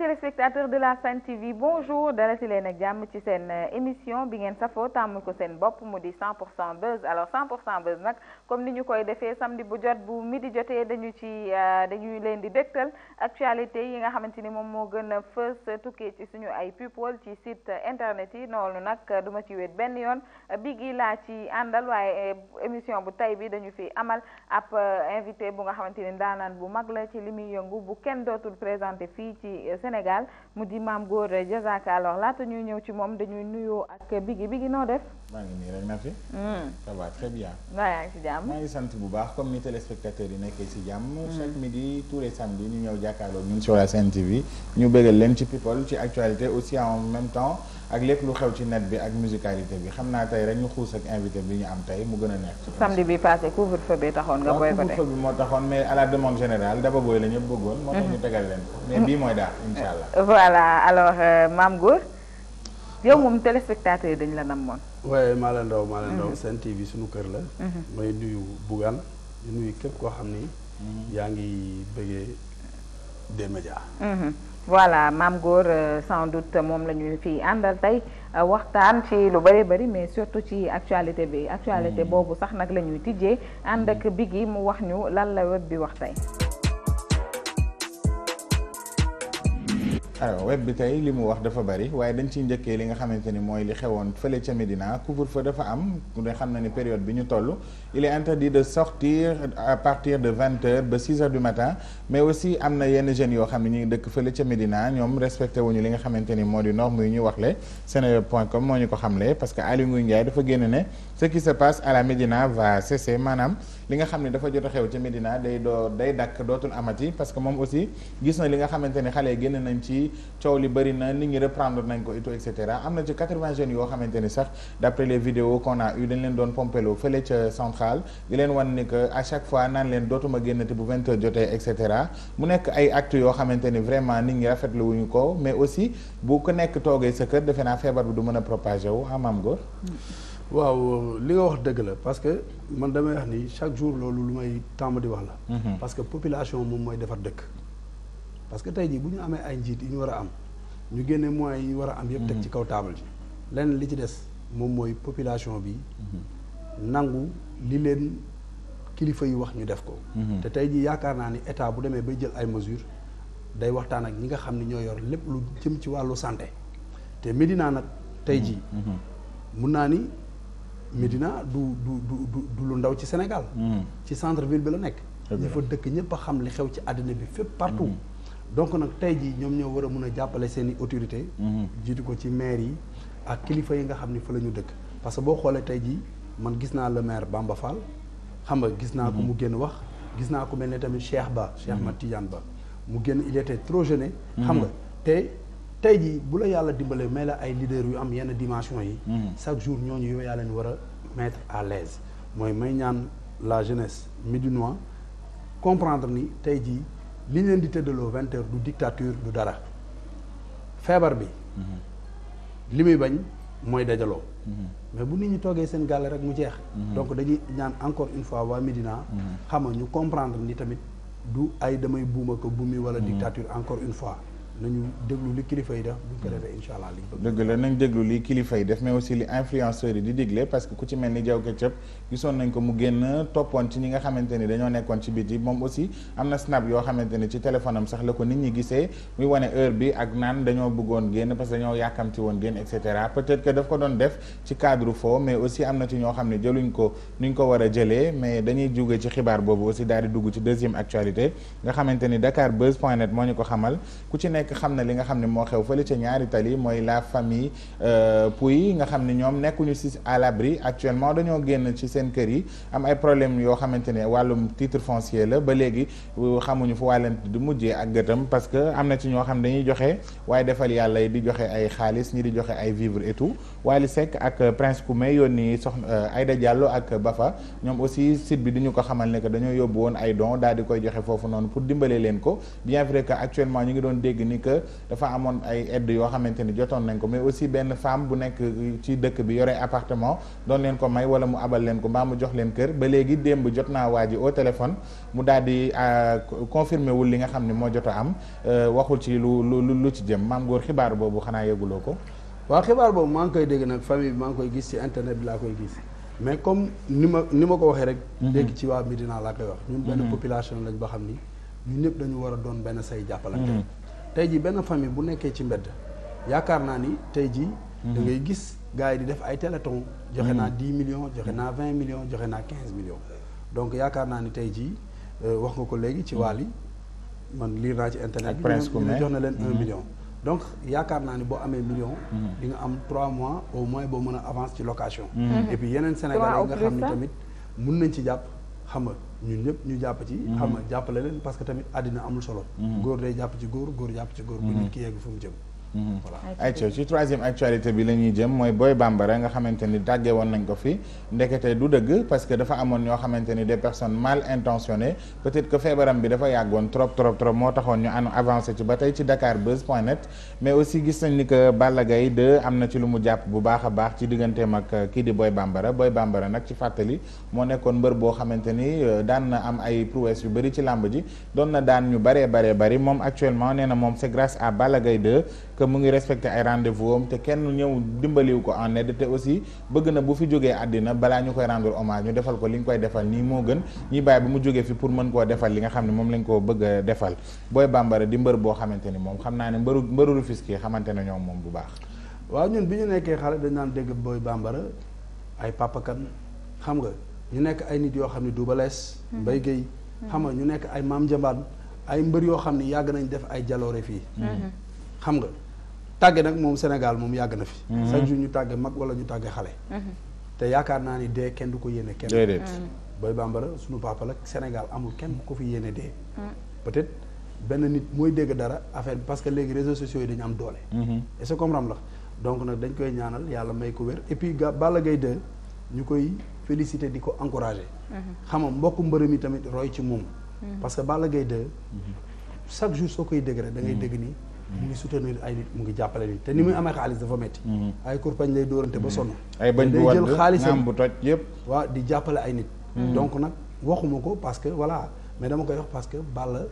téléspectateurs de la Sen TV bonjour dalati leen ak jàmm ci seen euh, émission bi ngeen safoo tàmm ko seen bopp mu di 100 pour cent buzz alors 100 pour cent nag comme ni ñu koy defee samedi bu jot bu di jotee dañu ci euh, dañuy leen di dégtal actualité yi nga xamante ni moom moo gën a fës tukkee ci suñu ay people ci site euh, internet yi noonu nag duma ci wéet benn yoon bigi laa ci àndal waaye émission bu tay bi dañu fi amal ab invité bu nga xamante ni daanaan bu mag la ci li muy yëngu kenn dootul présenté fii ci Sénégal mu di Mame Gor Diazaka alors laata ñuy ñëw ci moom dañuy nuyoo ak Biggi Biggi noo def. maa ngi nii rek na fi. Hmm. ça va très bien. waaw yaa ngi si jàmm. maa ngi sant bu baax comme ni téléspectateurs yi nekkee si jàmm. Hmm. chaque midi tous les samedis ñu ñëw jàkkaarloo ñun sur la Sen TV ñu bëggal leen ci people ci actualité aussi en même temps. ak lépp lu xew ci net bi ak musicalité bi xam naa tey rek ñu xuus ak invité bi ñu am tey mu gën a neex. samedi bi passé couvre-feu bi taxoon nga boycotté. couvre moo taxoon mais à la demande générale Daba Boye la bëggoon. moo tax mhm. leen mais bii mooy daal incha allah. Euh, voilà alors euh, Mame Goor yow moom téléspectateur yi dañ la namoon. waaye maa leen daw maa leen daw mhm. Sen TV suñu kër la. Mhm. may nuyu Bougane di nuyu képp koo xam ni. yaa ngi bëggee des voilà maam góor euh, sans doute moom la ñu fi àndal tey euh, waxtaan ci lu bëri bëri mais surtout ci actualité bi actualité hmm. boobu sax nag la ñuy tijjee ànd ak hmm. bi gi mu wax ñu lan la web bi wax tey alors web bi tey li mu wax dafa bari waaye dañ ciy njëkkee li nga xamante ni mooy li xewoon fële ca Médina couvre-feu dafa am xam na ni période bi ñu toll il est interdit de sortir à partir de vingt heures ba six heures du matin mais aussi am na yenn jeunes yoo xam ne ñu ngi dëkk fële ca Médina ñoom respecté wuñu li nga xamante ni moo di norme yu ñu wax le seneweb.com moo ñu ko xam xamle parce que Aliou Ngouille Ndiaye dafa génn ne ce qui se passe à la Médina va cesser maanaam li nga xam ne dafa jot a xew ca Médina day doo day dakk dootul amati parce que moom aussi gis na li nga xamante ni xale génn nañ ci bi coow li bëri na nit ñi reprendre nañ ko et am na ci quatre-vingts jeunes yoo xamante ni sax d'après les vidéos qu'on a eu leen doon pompeloo fële ca centrale di leen wan ni que à chaque fois naan leen dootuma génnati bu vingt heures jotee et cetera mu nekk ay yoo xamante ni vraiment nit ñi rafetlu wuñu ko mais aussi bu ko nekk toogee sa kër defe naa feebar bi du mën a propager wu ah maam Góor waaw li nga wax dëgg la parce que man damay wax ni chaque jour loolu lu may tàmm di wax la mhm. parce que population moom mooy defar dëkk parce que tey jii bu ñu amee ay njiit yi ñu war a am ñu génne moyens yi war a am yëpp teg ci kaw taabal ji leneen li ci des moom mooy population bi nangu li leen kilifa yi wax ñu def ko mhm. te tey jii yaakaar naa ni état bu demee bay jël ay mesures day waxtaan ak ñi nga xam ne ñoo yor lépp lu jëm ci wàllu santé te Médina nag tey jii mhm. Mhm. mun naa ni Médina du du du du lu ndaw ci Sénégal ci centre ville bi la nekk ñi fa dëkk ñëpp a xam li xew ci àddina bi fépp partout donc nag tey jii ñoom ñoo war a mun a jàppale seen i autorité mhm. jiitu ko ci maire yi ak kilifa yi nga xam ni fa la ñu dëkk parce que boo xoolee tey jii man gis naa le maire Bamba Fall xam nga gis naa ko mhm. mu génn wax gis naa ko mel ne tamit Cheikh Ba Cheikh Mat mhm. Tidiane Ba mu génn il était trop jeune xam nga te tey jii bu la yàlla dimbalee may la ay leader yu am yenn dimension yi chaque jour ñooñu yow yaa leen war a mettre à l'aise mooy may ñaan la jeunesse médinoise comprendre ni tey jii li ñu di tëddaloo vingt du dictature du dara feebar bi mhm. li muy bañ mooy dajaloo mhm. mais bu nit ñi toogee seen gàll rek mu jeex mhm. donc dañuy ñaan encore une fois waa Médina xam nga ñu comprendre ni tamit du ay damay buuma ko buumi wala dictature encore une fois nañu déglu li kilifa yi def bu ñu ko li bëgg dëgg la nañ déglu li kilifa yi def mais aussi li influenceurs yi di digle parce que ku ci mel ni Diaw Ketchup gisoon nañ ko mu génn toppoon ci ñi nga xamante ni dañoo nekkoon ci biti moom aussi am na snap yoo xamante ni ci téléphone sax la ko nit ñi gisee muy wane heure bi ak naan dañoo bëggoon génn parce que dañoo yàkkamti woon génn et cetera peut-être que daf ko doon def ci cadre foo mais aussi am na ci ñoo xam ne jëluñ ko nuñ ko war a mais dañuy jóge ci xibaar boobu aussi daal di dugg ci deuxième actualité nga xamante ni Dakar Buzz point net moo ñu ko xamal ku ci nekk xam na li nga xam ne moo xew fële ca ñaari tali mooy la famille euh, Pouy nga xam ne ñoom nekkuñu si à l'abri actuellement dañoo génn ci seen kër yi am ay problème yoo xamante ne wàllum titre foncier la ba léegi euh, xamuñu fu wàllante di mujjee ak gëtam parce que am na ci ñoo xam dañuy joxe waaye defal yàlla di joxe ay xaalis ñi di joxe ay vivre et tout Wally Seck ak euh, Prince Koumé yónni soxna Aïda Diallo ak Bafa ñoom aussi site bi duñu ko xamal ne que dañoo yóbbu woon ay don daal di koy joxe foofu noonu pour dimbale leen ko que dafa amoon ay aide yoo xamante ni jotoon nañ ko mais aussi benn femme bu nekk ci dëkk bi yore appartement doon leen ko may wala mu abal leen ko mbaa mu jox leen kër ba léegi démb jot naa waa ji au téléphone mu daal di euh, confirmé wul li nga xam ne moo jot a am euh, waxul ci lu lu lu ci jëm maam góor xibaar xanaa yëguloo ko. waaw xibaar boobu maa ngi koy dégg nag famille maa ngi koy gis ci internet bi laa koy gis mais comme ni ma ni ma ko waxee rek. léegi mhm. ci waa dinaa laa koy wax. ñun benn mhm. population lañ ba xam ni ñun ñëpp dañu war a doon benn say jàppalante. Mhm. tey jii benn famille bu nekkee ci mbedd yaakaar naa ni tey jii. Mhm. da ngay gis gars yi di def ay téléthon. joxe naa mhm. dix million joxe naa vingt millions joxe naa quinze donc yaakaar naa ni tey jii euh, wax nga ko léegi ci mhm. waal man liir naa ci internet bi. jox na leen million. donc yaakaar naa ni boo amee million. di nga am trois mois au moins boo mën a avance ci location. et yeneen Sénégalais yi nga xam ni tamit mun nañ ci jàpp xam nga. ñun ñëpp ñu jàpp ci. Mm-hmm. xam nga jàppale leen parce que tamit àddina amul solo. Mm-hmm. góor day jàpp ci góor góor jàpp ci góor. bu mm-hmm. nit ki yegg fu mu jëm. Mhm. voilà ayca ci troisième actualité bi la ñuy jëm mooy Boy Bambara nga xamante ni tàggee woon nañ ko fi ndekete du dëgg parce que dafa amoon ñoo xamante ni des personnes mal intentionnées peut-être que feebaram bi dafa yàggoon trop trop trop moo taxoon ñu an avancé ci ba tey ci dakarbuzz.net mais aussi gis nañ ni que Balla Gaye am na ci lu mu jàpp bu baax a baax ci digganteem ak euh, kii di Boy Bambara Boy Bambara nag ci fàttali moo nekkoon mbër boo xamante ni euh, daan na am ay prouesse yu bëri ci làmb ji doon na daan ñu baree baree bari moom actuellement nee na moom c'est à Balla Gaye que mu ngi respecté ay rendez-vous te kenn ñëw dimbaliwu ko en aide te aussi bëgg na bu fi jógee àddina balaa ñu koy rendre hommage ñu defal ko li ñu koy defal nii moo gën ñuy bàyyi ba mu jógee fi pour mën koo defal li nga xam ne moom lañ koo bëgg defal booy bambara di mbër boo xamante ni moom xam naa ne mbëru mbëru Rufisque xamante ne ñoom moom bu baax waaw ñun bi ñu nekkee xale dañ naan dégg booy bambara ay papakan xam nga ñu nekk ay nit yoo xam ne duubalees mm-hmm. mbay géey mm-hmm. xam nga ñu nekk ay maam jambaan ay mbër yoo xam ni yàgg nañ def ay jaloore fii mm-hmm. tàgg nag moom Sénégal moom yàgg na fi. Mhm. chaque jour ñu tàgg mag wala ñu tàgg xale. Mhm. te yaakaar naa ni dee kenn du ko yéene kenn. déedéet mhm. Boy suñu papa ak Sénégal amul kenn ku ko fi yéene dee. peut-être benn nit mooy dégg dara affaire parce que léegi réseaux sociaux yi dañu am doole. et ce comprendre la donc nag dañ koy ñaanal yàlla may ko wér et puis ga Balla Gaye 2 ñu koy féliciter di ko encourager. xam nga mbokku mbërëm yi tamit roy ci moom. parce que Balla gay 2 chaque jour soo koy da ngay dégg nii. mu ngi soutenir ay nit mu ngi jàppale nit te ni muy amee xaalis dafa metti mm-hmm. ay kurpañ lay dóorante ba sonn mm-hmm. ay bañ bu wadd xaalisam bu toj yëpp waaw di jàppale ay nit mm-hmm. donc nag waxuma ko parce que voilà mais dama koy wax parce que Balla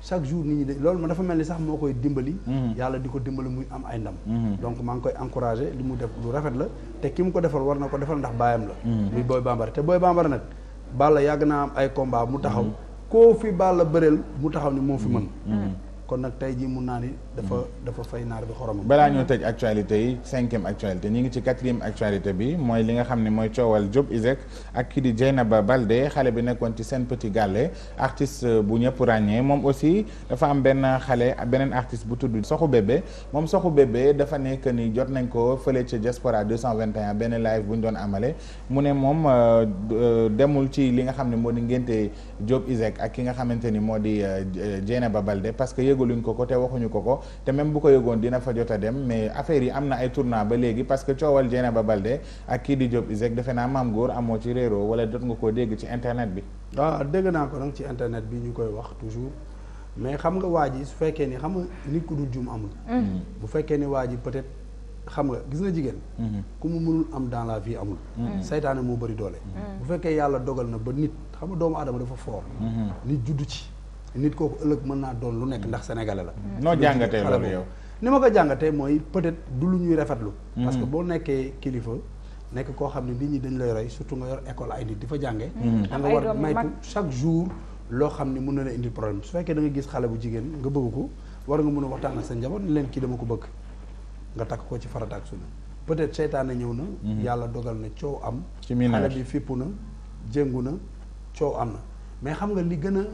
chaque jour nit ñi de loolu ma dafa mel ni sax moo koy dimbali yàlla di ko dimbali muy am ay ndam donc maa ngi koy encouragé li mu def lu rafet la te ki mu ko defal war na ko defal ndax baayam la muy Boy Bambara te booy Bambara nag Balla yàgg naa am ay combat mu taxaw koo fi Balla bëreel mu taxaw ni moo fi mën kon nag tey jii mun naa ni dafa hmm. dafa fay naar bi xoromam. balaa ñoo tëj actualité yi cinquième actualité ñi ngi ci quatrième actualité bi mooy li nga xam ne mooy coowal Diop Iseg ak kii di ba Balde xale bi nekkoon ci seen Petit gàlle artiste bu ñëpp ràññee moom aussi dafa am benn xale beneen artiste bu tudd Soxu Bébé moom Soxu Bébé dafa nekk ni jot nañ ko fële ca Diaspora 221 benn live bu ñu doon amale mu ne moom euh, euh, demul ci li nga xam ne moo di ngénte Diop Iseg ak ki nga xamante ni moo di euh, Dieynaba Balde parce que yëgaluñ ko ko ko ko te même bu ko yëgoon na ay tournant ba léegi parce que coowal Dieynaba Balde ak kii di Diop Iseg defe naa maam góor amoo ci internet bi ah, ko nag ci internet bi ñu koy wax toujours mais xam nga waa ji su fekkee ni xam nga nit ku dul jum amul mm-hmm. bu fekkee ni waa ji peut-être xam nga gis nga jigéen mm-hmm. ku mu mënul am dans la vie amul mm-hmm. saytaane moo bëri doole bu fekkee yàlla dogal na ba nit xam nga doomu aadama dafa foor nit juddu ci nit kooku ëllëg mën naa doon lu nekk ndax sénégalais la. Mm. noo jàngatee loolu yow. ni ma ko jàngatee mooy peut-être du lu ñuy rafetlu. Mm. parce que boo nekkee kilifa. nekk koo xam ne nit ñi dañ lay rey surtout nga yor école ay nit di fa jànge mm. da nga war maytu chaque jour loo xam ne mën na la indi problème su fekkee da gis xale bu jigéen nga bëgg ko war nga mën a waxtaan ak sa njaboot ni leen kii dama ko bëgg nga takk ko ci farata ak sunna peut-être seytaane ñëw na mm-hmm. yàlla dogal na coow am xale bi fippu na jéngu na coow am a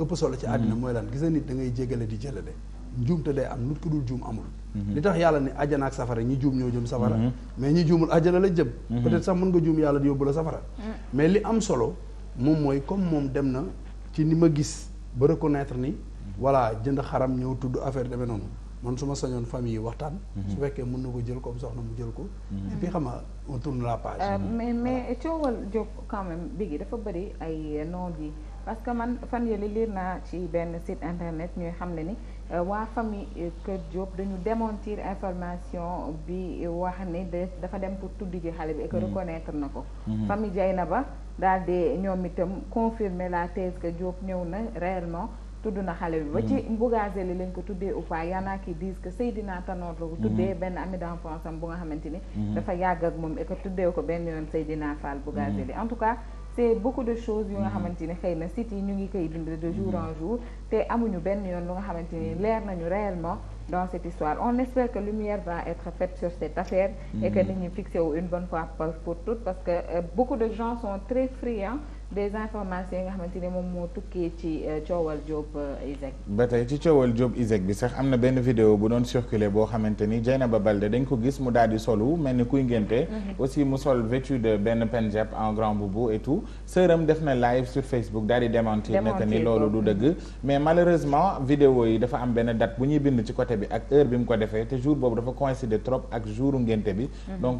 ëpp solo ci àddina mm-hmm. mooy lan gis na nit da ngay jégale di jëlale njuumte day am nit ku dul juum amul mm-hmm. li tax yàlla ne àjjana ak safara ñi juum ñoo jëm safara mm-hmm. mais ñi juumul àjjana la jëm peut-être sax mën nga juum yàlla yóbbu la safara mm. mais li am solo moom mooy comme moom dem na ci ni ma gis ba reconnaître ni voilà jënd xaram ñëw tudd affaire deme noonu man su ma sañoon famille yi waxtaan su fekkee mun na ko jël comme soxna mu jël ko et puis xam nga on tourne la page euh, mais mais coowal Diop quand même bigi dafa bëri ay noon yi parce que man fan yële liir naa ci benn site internet ñuy xam ne ni euh, waa famille euh, Kër Diop dañu démentir information bi wax ni dafa dem pour tudd ji xale bi et que mm-hmm. na ko mm-hmm. famille Dieynaba daal di ñoom itam confirmer la thèse que Diop ñëw na réellement tudd na xale bi ba ci mm-hmm. Mbougazelli lañ ko tuddee ou pas y'en a qui disent que Seydina Tanor la tuddee benn ami d'enfance am bu nga xamante ni dafa yàgg ak moom et tuddee ko benn yoon Seydina Fall Mbougazelli en tout cas c'est beaucoup de choses yu nga mm-hmm. xamante ni xëy na sites yi ñu ngi koy bind de jour en mm-hmm. jour te amuñu benn yoon lu nga xamante ni mm-hmm. leer nañu réellement dans cette histoire on espère que lumière va être faite sur cette affaire et que nit ñi fixé wu une bonne fois pour toutes parce que euh, beaucoup de gens sont très friands des informations yi nga xamante ne moom moo tukkee ci euh, coowal Diop euh, ISEG. ba tey ci coowal Diop ISEG bi sax am na benn vidéo bu doon circuler boo xamante ni Dieynaba Balde dañ ko gis mu daal di solu mel ni kuy ngénte mm-hmm. aussi mu sol vêtu de benn penjab en grand bu et tout sëram def na live sur Facebook daal di démentir nekk ni loolu du dëgg mais malheureusement vidéo yi dafa am benn date bu ñuy bind ci côté bi ak heure bi mu ko defee te jour boobu dafa coïncider trop ak jouru ngénte bi mm-hmm.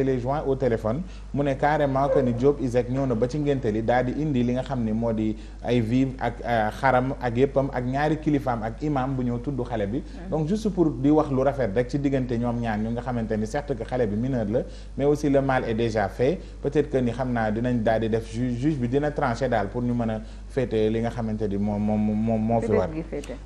je l'ai joint au téléphone mu ne carrément que ni Diop Isaac ñëw na ba ci ngénte li daal di indi li nga xam ni moo di ay vive ak euh, xaram ak yëppam ak ñaari kilifaam ak imam bu ñëw tudd xale bi hmm. donc juste pour di wax lu rafet rek ci diggante ñoom ñaan ñu nga xamante ni certes que xale bi mineur la mais aussi le mal est déjà fait peut-être que ni xam naa dinañ daal di def juge juge bi dina tranché daal pour ñu mëna féete li nga xamante ni moom moom moom moo fi war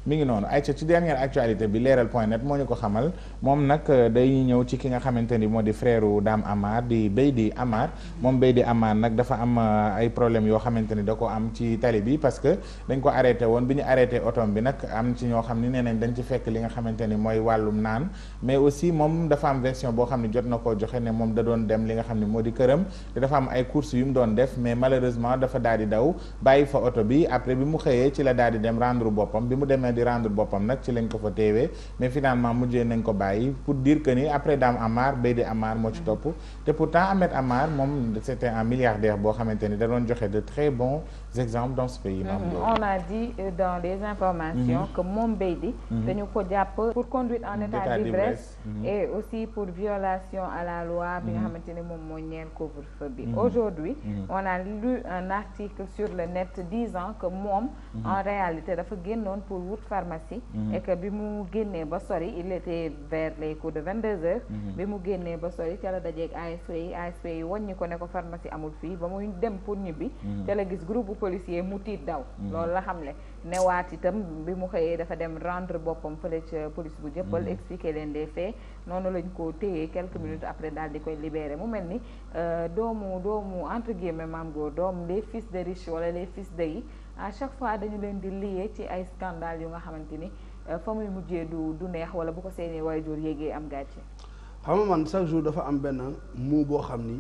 mi ngi noonu ayca ci dernière actualité bi leeral point net moo ñu ko xamal moom nag euh, day ñëw ci ki nga xamante ni moo di frère Dame Amar di Beydi Amar moom Beydi Amar nag dafa am euh, ay problème yoo xamante ni da ko am ci tali bi parce que dañ ko arrêté woon bi ñu arrêté otom bi nag am ci ñoo xam ni nee dañ ci fekk li nga xamante ni mooy wàllum naan mais aussi moom dafa am version boo xam ne jot na koo joxe ne moom da doon dem li nga xam ne moo di këram te dafa am ay courses yu mu doon def mais malheureusement dafa daal di daw bàyyi fa to bi après bi mu xëyee ci la daal di dem rendre boppam bi mu demee di rendre boppam nag ci lañ ko fa teewee mais finalement mujjee nañ ko bàyyi pour dire que ni après Dame Amar Beydi Amar moo ci topp te pourtant Ahmed Amar moom c'était un milliardaire boo xamante ni da doon joxe de très bons exemples dans ce pays. Mhm. on a di euh, dans les informations. Mm -hmm. que moom Beydi dañu ko jàpp pour conduite en état d'ivresse mhm. et aussi pour violation à la loi bi nga mhm. xamante ne moom mooy ñeel couvre-feu bi aujourd'hui on a lu un article sur le net disant que moom en réalité dafa génnoon pour wut pharmacie et que bi mu génnee ba sori il était vers les coups de vingt deux heures bi mu génnee ba sori ca la dajeeg ASP yi ASP yi wàññi ko ne ko pharmacie amul fii ba muy dem pour policier mu tiit daw mm. loolu la xamle newaat itam bi mu xëyee dafa dem rendre boppam fële ca police bu jëppal mm. expliquer leen des faits noonu lañ ko téyee quelques mm. minutes après daal di koy libéré mu mel ni euh, doomu doomu entre guillemets maam góor doom les fils de riche wala les fils de yi à chaque fois dañu leen di lié ci ay scandale yu nga xamante ni euh, fa muy mujjee du du neex wala bu ko seeni waajur yéegee am gàcce xam nga man chaque jour dafa am benn mu boo xam ni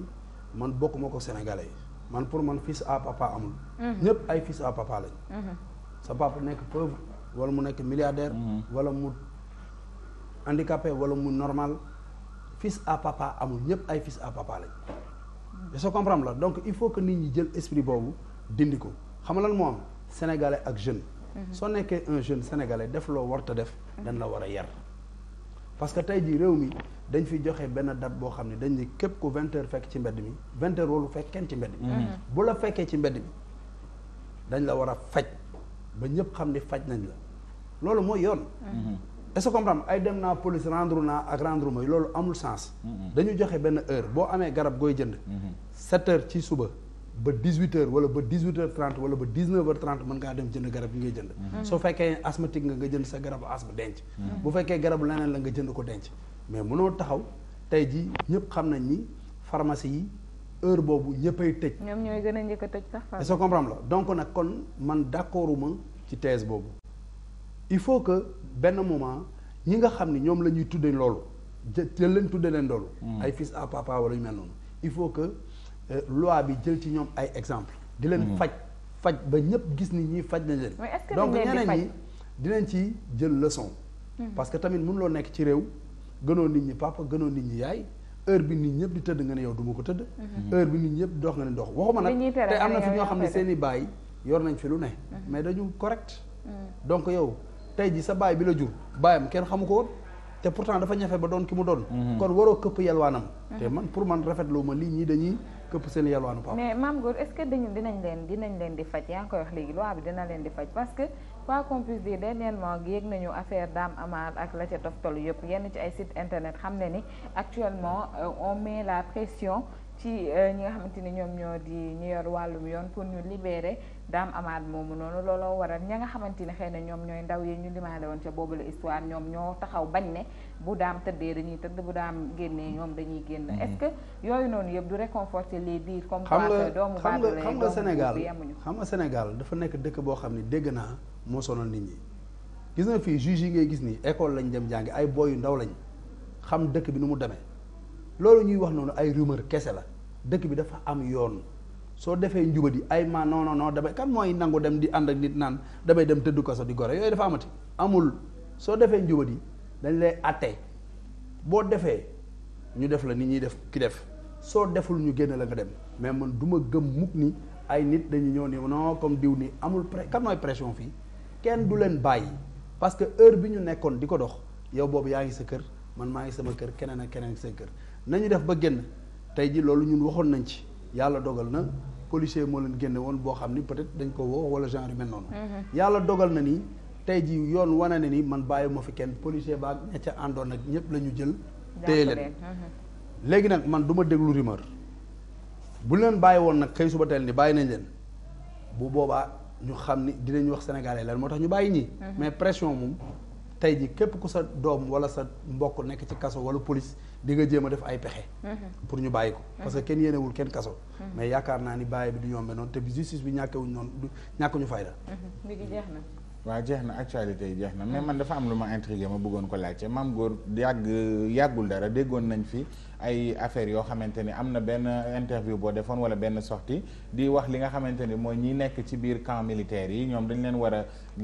man bokkuma ko sénégalais yi man pour man fils à papa amul. Mhm. ñëpp ay fils à papa lañ. Mhm. sa papa nekk pauvre wala mu nekk milliardaire. Mhm. wala mu handicapé wala mu normal fils à papa amul ñëpp ay fils à papa lañ. je comprendre la donc il faut que nit ñi jël esprit boobu dindi ko xam lan moo am sénégalais ak jeune. soo nekkee un jeune sénégalais def loo warta def. dañ la war a yar parce que jii réew mi. dañ fi joxe benn date boo xam ne dañ ne képp ko vingt fekk ci mbedd mi vingt heures warul fekk kenn ci mbedd mi mhm. bu la fekkee ci mbedd mi dañ la war a faj ba ñëpp xam ni faj nañ la loolu mooy yoon mhm. est-ce que ay dem naa police rendre naa ak rendre mooy loolu amul sens mhm. dañu joxe benn heure boo amee garab gooy jënd sept heures ci suba ba dix huit heures wala ba dix huit heures trente wala ba dix neuf heures trente mën ngaa dem jënd garab yi ngay jënd soo fekkee asthmatique nga nga jënd sa garabu asthme denc bu fekkee garabu leneen la nga jënd ko denc mais munoo taxaw tey ji ñëpp xam nañ ni pharmacie yi heure boobu ñëppay tëj. ñoom ñooy gën a njëkk a tëj sax. est-ce que comprendre nag kon man d'accorduma ci thèse boobu il faut que benn moment ñi nga xam ni ñoom la ñuy tuddee loolu jël leen tuddee leen loolu. Hmm. ay à papa wala yu mel il faut que euh, loi bi jël ci ñoom ay exemple di leen hmm. faj faj ba ñëpp gis ni ñuy faj nañ leen. donc ñeneen ñi dinañ ci jël leçon. Hmm. parce que tamit loo nekk ci réew. gënoo nit ñi papa gënoo nit ñi yaay heure bi nit ñëpp di tëdd nga ne yow du ko tëdd. Mhm. heure bi nit ñëpp dox nga ne dox waxuma nag. te am na fi ñoo xam ne seen i baay yor nañ fi lu ne. Mhm. mais dañu correct. Mhm. donc yow tey ji sa baay bi la jur baayam kenn xamu ko woon te pourtant dafa ñafe ba doon ki mu doon. kon waroo këpp yalwaanam. te man pour man rafetlu ma lii ñii dañuy këpp seen yalwaanu papa. mais maam Góor est-ce que dañu dinañ leen di faj yaa ngi koy wax leen di faj parce que. quoi qu'on bi dire dernièrement yëg nañu affaire daam Amar ak la ca toftalu yëpp yenn ci ay site internet xam ne ni actuellement euh, on mais la pression ci euh, ñi nga xamante ni ñoom ñoo di ñu yor wàllum yoon pour ñu libérer daam amaat moomu noonu looloo waral ña nga xamante ni xëy na ñoom ñooy ndaw yi ñu limaale woon ca boobu la histoire ñoom ñoo taxaw bañ ne bu daam tëddee dañuy tëdd bu daam génnee ñoom dañuy génn. Mm-hmm. est yooyu noonu yëpp du réconforter les dires. comme quoi doomu baadoolo xam nga Sénégal xam nga Sénégal dafa nekk dëkk boo xam ne dégg naa moo sonal nit ñi. gis nga fii juge yi ngay gis nii école lañ dem jàngi ay boy yu ndaw lañ xam dëkk bi nu mu demee loolu ñuy wax noonu ay rumeur kese la dëkk bi dafa am yoon soo defee yi ay ma non non non damay kan mooy nangu dem di ànd ak nit naan damay dem tëdd kaso di gore yooyu dafa amati amul soo defee njubadi dañ lay àtte boo defee ñu def la ni ñuy def ki def soo deful ñu génn la nga dem mais man du ma gëm mukk ni ay nit dañu ñëw ni non comme diw ni amul pré kan mooy pression fii kenn du leen bàyyi parce que heure bi ñu nekkoon di ko dox yow boobu yaa ngi sa kër man maa ngi sama kër keneen ak keneen sa kër nañu def ba génn. tey ji loolu ñun waxoon nañ ci yàlla dogal na policier moo leen génne woon boo xam ni peut-être dañ ko woo wala genre yu mel noonu mhm. yàlla dogal na ni tey ji yoon wane na ni man bàyyi ma fi kenn policier baag ña ca àndoon ak ñëpp lañu jël téye leen mhm. léegi nag man duma ma déglu rumeur bu leen bàyyi woon nag xëy suba teel ni bàyyi nañ leen bu boobaa ñu xam ni dinañu wax sénégalais lan moo tax ñu bàyyi ñi mhm. mais pression moom tey ji képp ku sa doom wala sa mbokk nekk ci kaso wala police di nga jéem a def ay pexe. Mhm. pour ñu bàyyi ko. Mhm. parce que kenn yéenewul kenn kaso. Mhm. mais yaakaar naa ni bàyyi bi du yombe noonu te bi justice bi ñàkkewuñ noonu du ñàkkuñu fayda. mbir yi jeex na. waaw jeex na actualité yi jeex na mais dafa am lu ma intrigué ma bëggoon ko laajte maam góor yàgg yàggul dara déggoon nañ fi. ay affaires yoo xamante ni am na benn interview boo defoon wala benn sortie di wax li nga xamante ni mooy ñi nekk ci biir camp militaire yi ñoom dañ leen war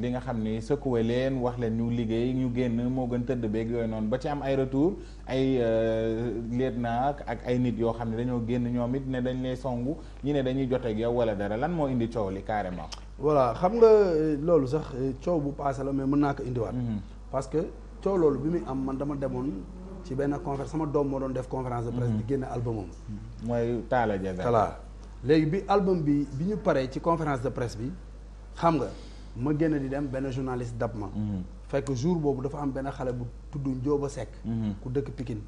li nga xam ni secouer leen wax leen ñu liggéey ñu génn moo gën tëdd beeg yooyu noonu ba ci am ay retour ay euh, lieutenant ak ay nit yoo xam ne dañoo génn ñoom it ne dañ lay songu ñi ne dañuy jot ak yow wala dara lan moo indi coow li carrément. voilà xam nga euh, loolu sax euh, coow bu paase la mais mën naa ko indiwaat. Mm-hmm. parce que coow loolu bi muy am man dama demoon. ci benn conférence sama doom moo doon def conférence de presse. Mhm. di génne albumam. mooy Talla Diagne. voilà léegi bi album bi bi ñu paree ci conférence de presse bi xam nga ma génn di dem benn journaliste dab ma. Mhm. fekk jour boobu dafa am benn xale bu tudd Njóoba Sekk mhm. ku dëkk Pikine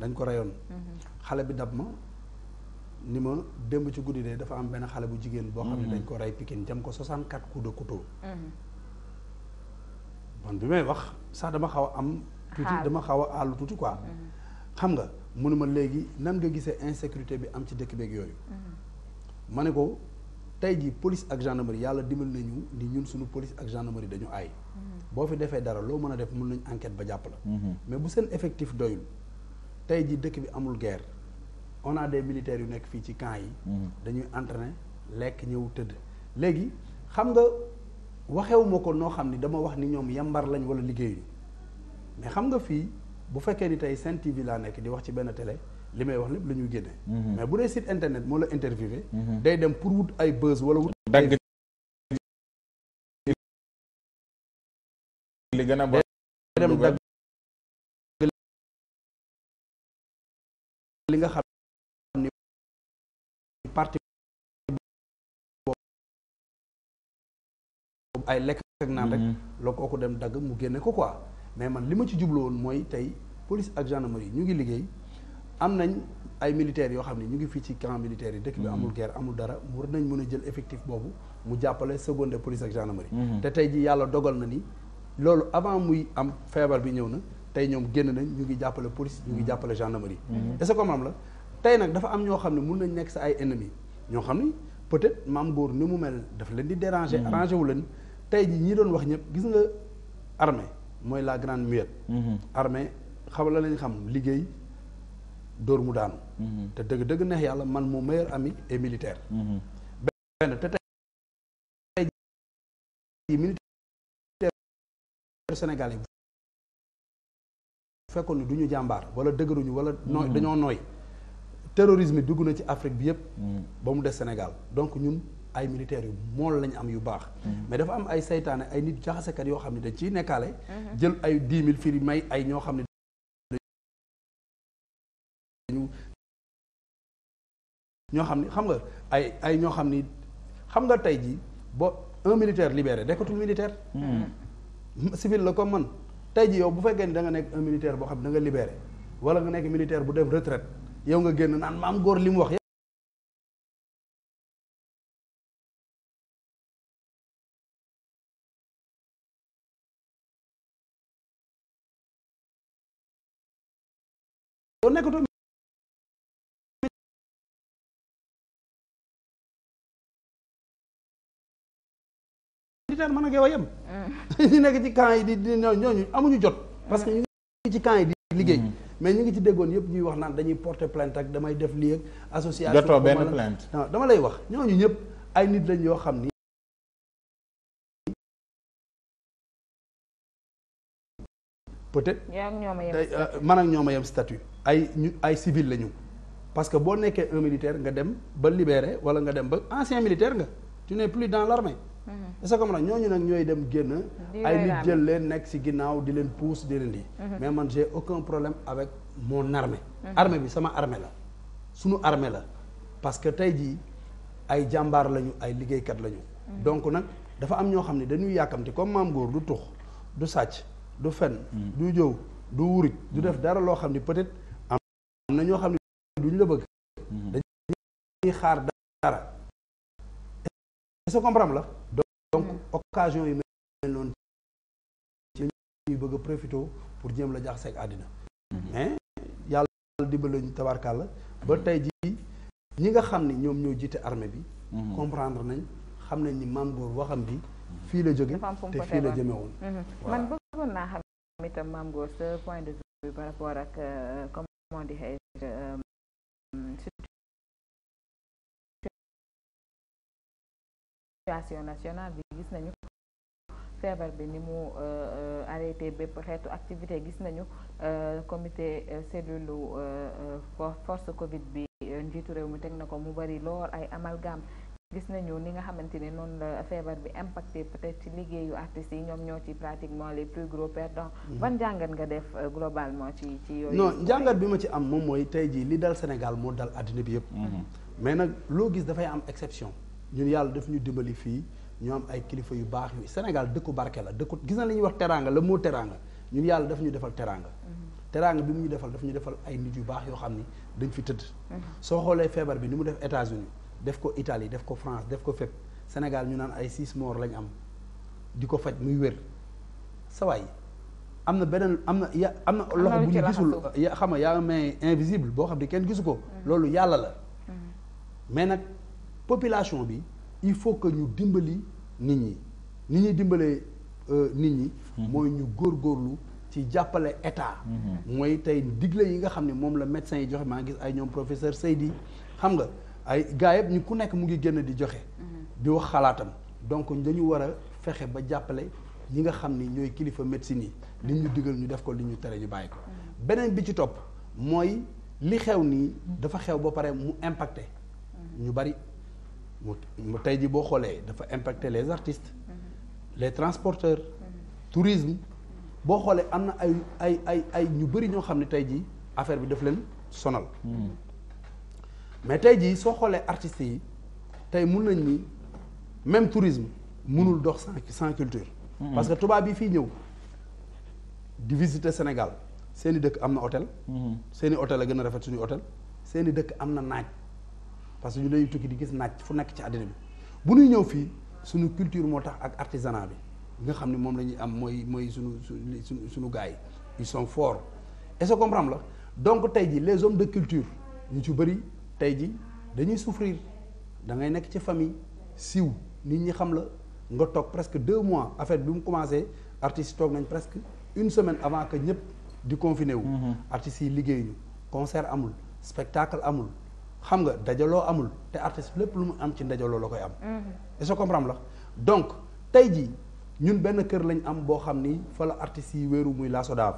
dañ ko reyoon xale bi dab ma ni ma démb ci guddi de dafa am benn xale bu jigéen boo xam ne dañ ko rey Pikine jam ko 64 coups de couteau man bi may wax sax dama xaw am tuuti dama xaw a àllu tuuti quoi mm-hmm. xam nga mënuma léegi nan nga gisee insécurité bi am ci dëkk beeg yooyu mm-hmm. ma ne ko tey jii police ak gendarmerie yàlla dimbal nañu ni ñun suñu police ak gendarmerie dañu ay mm-hmm. boo fi defee dara loo mën a def mun nañ enquête ba jàpp la mais bu seen effectif doyul tey jii dëkk bi amul guerre on a des militaires yu nekk fii ci kan yi dañuy entraîner lekk ñëw tëdd léegi xam nga waxewu ko noo xam ni dama wax ni ñoom yambar lañ wala liggéeyuñu mais xam nga fii bu fekkee ni tey Sen TV laa nekk di wax ci benn tele li may wax lépp la ñu génne. Mhm. mais bu dee site internet moo la interviewé. Mhm. day dem pour wut ay buzz wala wut. dagg li gën a bon day dem dagg nga xam parti ay lekk ak naan rek. Mhm. dem dagg mu génne ko quoi. mais man li ma ci jublu woon mooy tey police ak gendarmerie ñu ngi liggéey am nañ ay militaires yoo xam ne ñu ngi fii ci camp militaire yi dëkk bi mhm. amul guerre amul dara war nañ mën a jël effectif boobu mu jàppale seconde police ak gendarmerie mhm. te tey ji yàlla dogal na ni loolu avant muy am feebar bi ñëw na tey ñoom génn nañ ñu ngi jàppale police ñu ngi mhm. jàppale gendarmerie est-ce que am la tey nag dafa am ñoo xam ne mun nañ nekk sa ay ennemis ñoo xam ne peut-être maam góor ni mu mel dafa leen di déranger arrangé wu leen tey ji ñi doon wax ñëpp gis nga armée mooy la grande muette mm-hmm. armée xam la lañ xam liggéey dóor mu daanu mm-hmm. te dëgg dëgg neex yàlla man mon meilleur ami est militaire mm-hmm. benn te fekkoon du ñu jàmbaar wala dëgëruñu wala nooy dañoo nooy terrorisme dugg na ci Afrique bi yëpp ba mu des Sénégal donc ñun ay militaires yu mool lañ am yu baax. Mm-hmm. mais dafa am ay seytaane ay nit jaxasekat yoo xam ne dañ ciy nekkaale. Mm-hmm. jël ay dix mille firi may ay ñoo xam ne. ñoo xam ne xam nga ay ay ñoo xam ni xam nga tey jii ba un militaire libéré dekkatul militaire. Mm-hmm. civil la comme man tey jii yow bu fekkee ni da nekk un boo xam ne da nga libéré wala nga nekk militaire bu dem retraite yow nga génn naan maam góor li mu wax. boo nekkatoo militaire mën a geew a yem mm. ñi nekk ci camp yi di di ñooñu amuñu jot parce que mm. ñu ngi ci camp yi di liggéey mm. mais ñu ngi ci déggoon yëpp ñuy wax naan dañuy porter plainte ak damay def lii ak association jotoo benn dama lay wax ñooñu ñëpp ay nit lañ yoo xam ni peut-être euh, man ak ñoom a yem statut ay ñu ay civil la ñu parce que boo nekkee un militaire nga dem ba libéré wala nga dem ba ancien militaire nga tu ne plus dans l'armée mhm. est-ce que man ñooñu nag ñooy dem génn ay nit jël leen nekk ci ginnaaw di leen pousse di leen di mhm. mais man j'ai aucun problème avec mon armée mhm. armée bi sama armée la sunu armée la parce que tey jii ay jàmbaar lañu ay liggéeykat lañu donc nag dafa am ñoo xam ne dañuy yàkkamti comme maam góor du tux du sàcc du fen du jëw du wuruj du def dara loo xam ne peut-être na ñoo xam ne ñu la bëgg. Mhm. dañuy xaar dara. est la. donc mhm. occasion yu mel bëgg a profité pour jéem la jaxase ak àddina. mais mhm. yàlla dimbali lañu tabarkàlla ba tey jii ñi nga xam ne ñoom ñoo jiite armée bi. comprendre nañ xam nañ ni maam góor waxam bi fii la jóge te fii la jëme woon man bëggoon naa xam itam maam góor sa point de vue par rapport ak euh, comment dirais-je, euh, um, situation nationale bi gis nañu feebar bi ni mu euh, euh, arrêté bépp xeetu activité gis nañu euh, comité cellule force Covid bi njiitu réew mi teg na ko mu bari lool ay amalgame gis nañu ni nga xamante ne noonu la feebar bi impacté peut-être ci liggéeyu artistes yi ñoom ñoo ci pratiquement les plus gros perdants. Mhm. ban njàngat nga def euh, globalement ci ci yooyu. non njàngat bi ma ci am moom mooy tey jii li dal Sénégal moo dal àddina bi yëpp. Mhm. Mhm. mais nag loo gis dafay am exception. ñun yàlla daf ñu dimbali fii ñu am ay kilifa yu baax yu Sénégal dëkku barke la dëkku gis na li ñuy wax teraanga la moo teraanga ñun yàlla daf ñu defal teraanga. teraanga defal ay nit yu baax yoo xam ni dañ fi tëdd. feebar bi ni mu def États-Unis def ko Italie def ko France def ko fep Sénégal ñu naan ay sis moor lañ am di ko faj muy wér sa am na beneen am na ya am na loxo bu ñu gisul xam nga yaa may invisible boo xam ne kenn gisu ko mm. loolu yàlla la mm-hmm. mais nag population bi il faut que ñu dimbali nit ñi nit ñuy dimbalee euh, nit ñi mm-hmm. mooy ñu góor góorgóorlu ci jàppale état mm-hmm. mooy tey digle yi nga xam ne moom la médecin yi joxe maa ngi gis ay ñoom professeur Seydi xam nga ay gars yëpp ñu ku nekk mu ngi génn di joxe. Mm-hmm. di wax xalaatam donc dañu war a fexe ba jàppale ñi nga xam ni ñooy kilifa médecine yi. li ñu mm-hmm. digal ñu def ko li ñu tere ñu bàyyi ko. Mm-hmm. beneen bi ci topp mooy li xew nii dafa xew ba pare mu impacté ñu bari mu mu tey ji boo xoolee dafa impacté les artistes. les transporteurs. tourisme boo xoolee am na ay ay ay ay ñu bari ñoo xam ne tey ji affaire bi daf leen sonal. mais tey jii soo xoolee artistes yi tey mun nañ ni même tourisme mënul dox sans sans culture. parce que tubaab yi fii ñëw di visiter Sénégal seen dëkk am na hôtel. Mm-hmm. seen i hôtel a gën a rafet suñu hôtel seen i dëkk am na naaj parce que ñu dañuy tukki di gis naaj fu nekk ci àddina bi bu ñuy ñëw fii suñu culture moo tax ak artisanat bi nga xam ne moom la ñuy am mooy mooy suñu suñu suñu gars yi il sont forts est-ce que la donc tey jii les hommes de culture ñu ci bëri. tey ji dañuy souffrir da ngay nekk ci famille siw nit ñi xam la nga toog presque deux mois affaire bi mu commencé artistes toog nañ presque une semaine avant que ñëpp di confiné wu. Mhm. artistes yi liggéeyuñu concert amul spectacle amul xam nga dajaloo amul te artiste lépp lu mu am ci dajaloo la koy am. Mhm. est-ce que comprendre la donc tey ji ñun benn kër lañ am boo xam ni fa la artistes yi wéeru muy la SODAV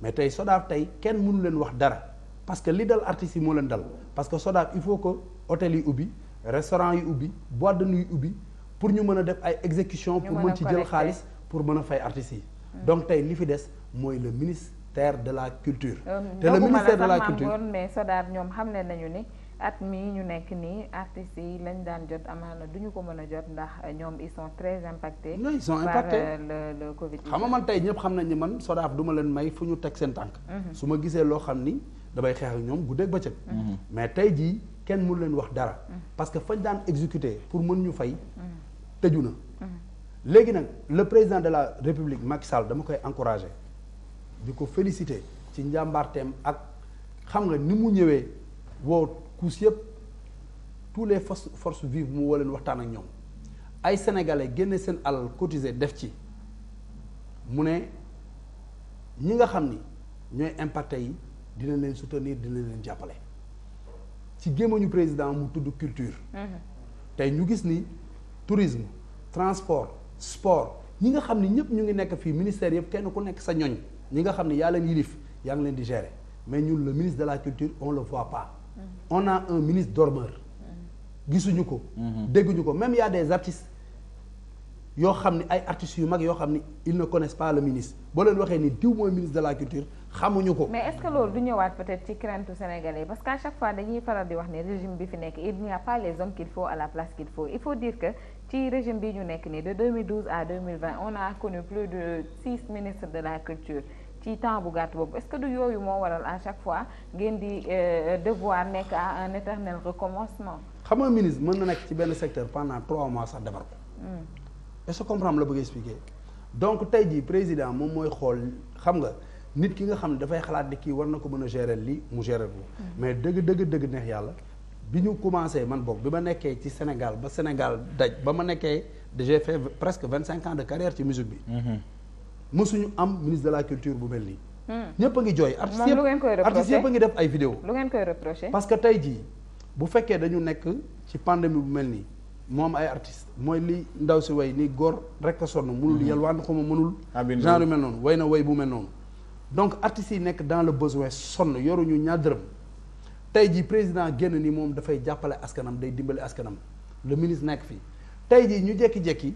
mais tey SODAV tey kenn munu leen wax dara. parce que li dal artistes yi moo leen dal parce que SODAV il faut que hôtel yi ubbi restaurant yi ubbi boîte de nuit yi ubbi pour ñu mën a def ay exécution pour mën ci jël xaalis pour mën a fay artistes yi donc tey li fi des mooy le ministère de la culture euh, te le ministère de la culture mais SODAV ñoom xam ne nañu ni at mii ñu nekk nii artistes yi lañ daan jot amaana du ñu ko mën a jot ndax euh, ñoom ils sont très impactés. non ils euh, xam nga man tey ñëpp xam nañ ni man SODAV du ma leen may fu ñu teg seen tànk. Mhm. su ma gisee loo xam ni. damay xeex ak ñoom guddeeg bëccëg. Mm-hmm. Mm-hmm. mais tey jii kenn mënu leen wax dara. Mm-hmm. parce que fañ daan exécuter pour mën ñu fay. tëju na. léegi nag le président de la république Macky Sall dama koy encouragé di ko félicité ci njàmbaarteem ak xam nga ni mu ñëwee woo couche yëpp tous les forces forces vives mu woo leen waxtaan ak ñoom ay sénégalais génne seen alal cotiser def ci mu ne ñi nga xam ni ñooy impacté yi. dina leen soutenir dina leen jàppale ci gémmañu président mu tudd culture mhm. tey ñu gis ni tourisme transport sport ñi nga xam ni ñëpp ñu ngi nekk fii ministère yëpp kenn ku nekk sa ñoñ ñi nga xam ne yaa leen yilif yaa ngi leen di gérer mais ñun le ministre de la culture on le voit pas mhm. on a un ministre dormeur mhm. gisuñu ko dégguñu ko même y a des artistes yoo xam ne ay artistes yu mag yoo xam ne ils ne connaissent pas le ministre boo leen waxee ni diw mooy de la culture xamuñu ko. mais est ce que loolu du ñëwaat peut être ci crainte sénégalais parce que à chaque fois dañuy faral di wax ne régime bi fi nekk il n'y a pas les hommes faut à la place qu'il faut il faut dire que ci régime bi ñu nekk nii de à on a connu plus de six ministres de la culture. ci temps bu gàtt boobu est du yooyu moo waral à chaque fois ngeen di euh, devoir nekk à un éternel recommencement. xam ministre mën na nekk ci benn secteur pendant trois mois sax defar ko. Hmm. est-ce que comprendre la mooy xool xam nga. nit ki nga xam ne dafay xalaat ne kii war na ko mën a gérer lii mu gérer ko mais dëgg dëgg dëgg neex yàlla bi ñu commencé man boog bi ma nekkee ci Sénégal ba Sénégal daj ba ma nekkee j'ai fait presque vingt cinq ans de carrière ci musique bi mësuñu mm-hmm. am ministre de la culture bu mel nii mm. ñëpp a ngi jooy artistes yëpp a ngi def ay vidéo lu ngeen koy reproché parce que tey jii bu fekkee dañu nekk ci pandémie bu mel nii moom ay artiste mooy lii ndaw si way ni góor rek a sonn mënul mm-hmm. yelwaan xuma mënul genre yu mel noonu way na way bu mel noonu donc artistes yi nekk dans le besoin sonn yoruñu ñaar dërëm tey jii président génn ni moom dafay jàppale askanam day dimbali askanam le ministre nekk fii tey jii ñu jékki-jékki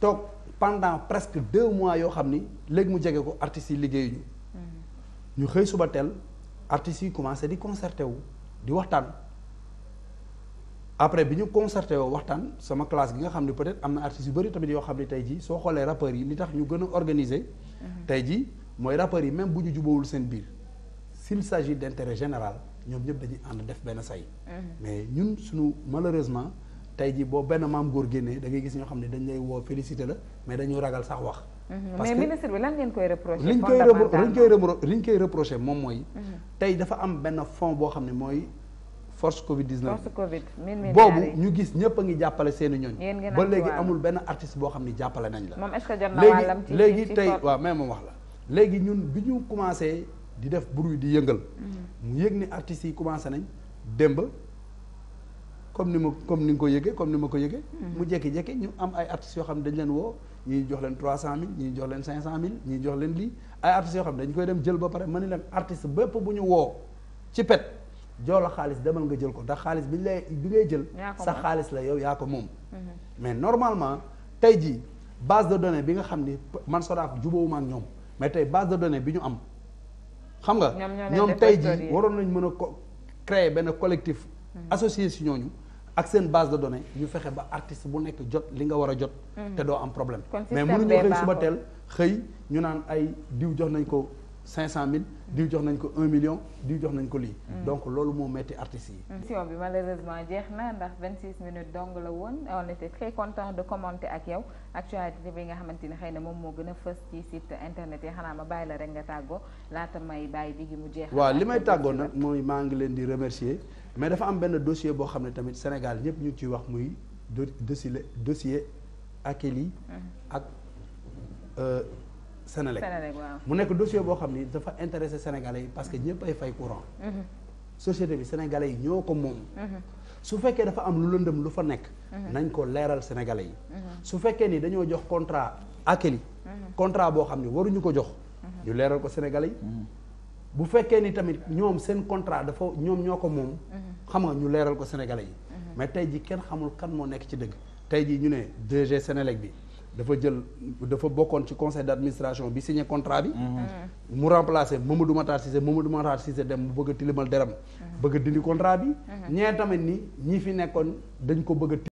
toog pendant presque deux mois yoo xam ni léegi mu jege ko artistes yi liggéeyuñu mm. ñu xëy suba teel artistes yi commencé di concerté wu di waxtaan après bi ñu concerté woo waxtaan sama classe gi nga xam ne peut-être am na artistes yu bëri tamit yoo xam ne tey ji soo xoolee rappeurs yi li tax ñu gën a organiser mm-hmm. tey jii mooy rappeurs yi même bu ñu jubawul seen biir s'il s'agit d'intérêt général ñoom ñëpp dañuy ànd def benn say mm-hmm. mais ñun suñu malheureusement tey jii boo benn maam góor génnee da ngay gis ñoo xam ne dañ lay woo félicité la mais dañu ragal sax wax mm-hmm. parce que mais ministre moom mooy mm-hmm. tey dafa am benn fond boo xam ne mooy force Covid 19 force Covid boobu ñu gis ñëpp a ngi jàppale seeni ñooñ ba léegi amul benn artiste boo xam ne jàppale nañ la léegi léegi tey waaw mais moom la léegi ñun bi ñu commencé di def bruit di yëngal. Mm. mu yëg ni artistes yi commencé nañ démb comme ni ma comme ni nga ko yëgee comme ni ma ko yëgee. Mm. mu jekki jékki ñu am ay artistes yoo xam ne dañ leen woo ñuy jox leen trois ñuy jox leen cinq cent mille ñuy jox leen lii ay dañ koy dem jël ba pare ma ne leen artiste bépp bu ñu woo ci pet jox la xaalis demal nga jël ko ndax xaalis bi ñu lay bi ngay jël. sa xaalis la yow yaa ko moom. Mm-hmm. mais normalement tey jii base de données bi nga xam ni man Sodaaf jubóowuma ak ñoom. mais tey base de données bi ñu am xam nga ñoom tey ji waroon nañ mën a ko créer benn collectif mm-hmm. associé si ñooñu ak seen base de donné ñu fexe ba artiste bu nekk jot li nga war a jot mm-hmm. te doo am problème mais mënuñu xëy suba teel xëy ñu naan ay diw jox nañ ko cinq cent mille diw jox nañ ko un million diw jox nañ ko lii mm. donc loolu moo metti artistes yi émission mm, bi malheureusement jeex na ndax vingt six minutes dong la woon on était très content de commenter ak yow actualité bi nga xamante ni xëy na moom moo gën a fës ci site internet yi xanaa ma bàyyi la rek nga tàggoo laata may bàyyi bi gi mu jeex waaw li may tàggoo nag mooy maa ngi leen di remercier mais dafa am benn dossier boo xam ne tamit Sénégal ñëpp ñu ciy wax muy dossier dossier Akili mm. ak euh, Senelec mu nekk dossier boo xam ni dafa intéressé sénégalais yi parce que ñëpp ay fay courant mhm. société bi sénégalais yi ñoo ko moom mhm. su fekkee dafa am lu lëndëm lu fa nekk mhm. nañ ko leeral sénégalais yi su fekkee ni dañoo jox contrat Akeli contrat boo xam ni waruñu ko jox ñu leeral ko sénégalais yi bu fekkee ni tamit ñoom seen contrat dafa ñoom ñoo ko moom xam nga ñu leeral ko sénégalais yi mais tey ji kenn xamul kan moo nekk ci dëgg tey ji ñu ne DG Senelec bi dafa jël dafa bokkoon ci conseil d'administration bi signé contrat bi. Mhm. mu remplacé Mamadou Matar Cissé Mamadou Matar Cissé dem mu bëgg a tilimal deram. Mhm. bëgg a dindi contrat bi. Mhm. ñee tamit ni ñi fi nekkoon dañ ko bëgg a.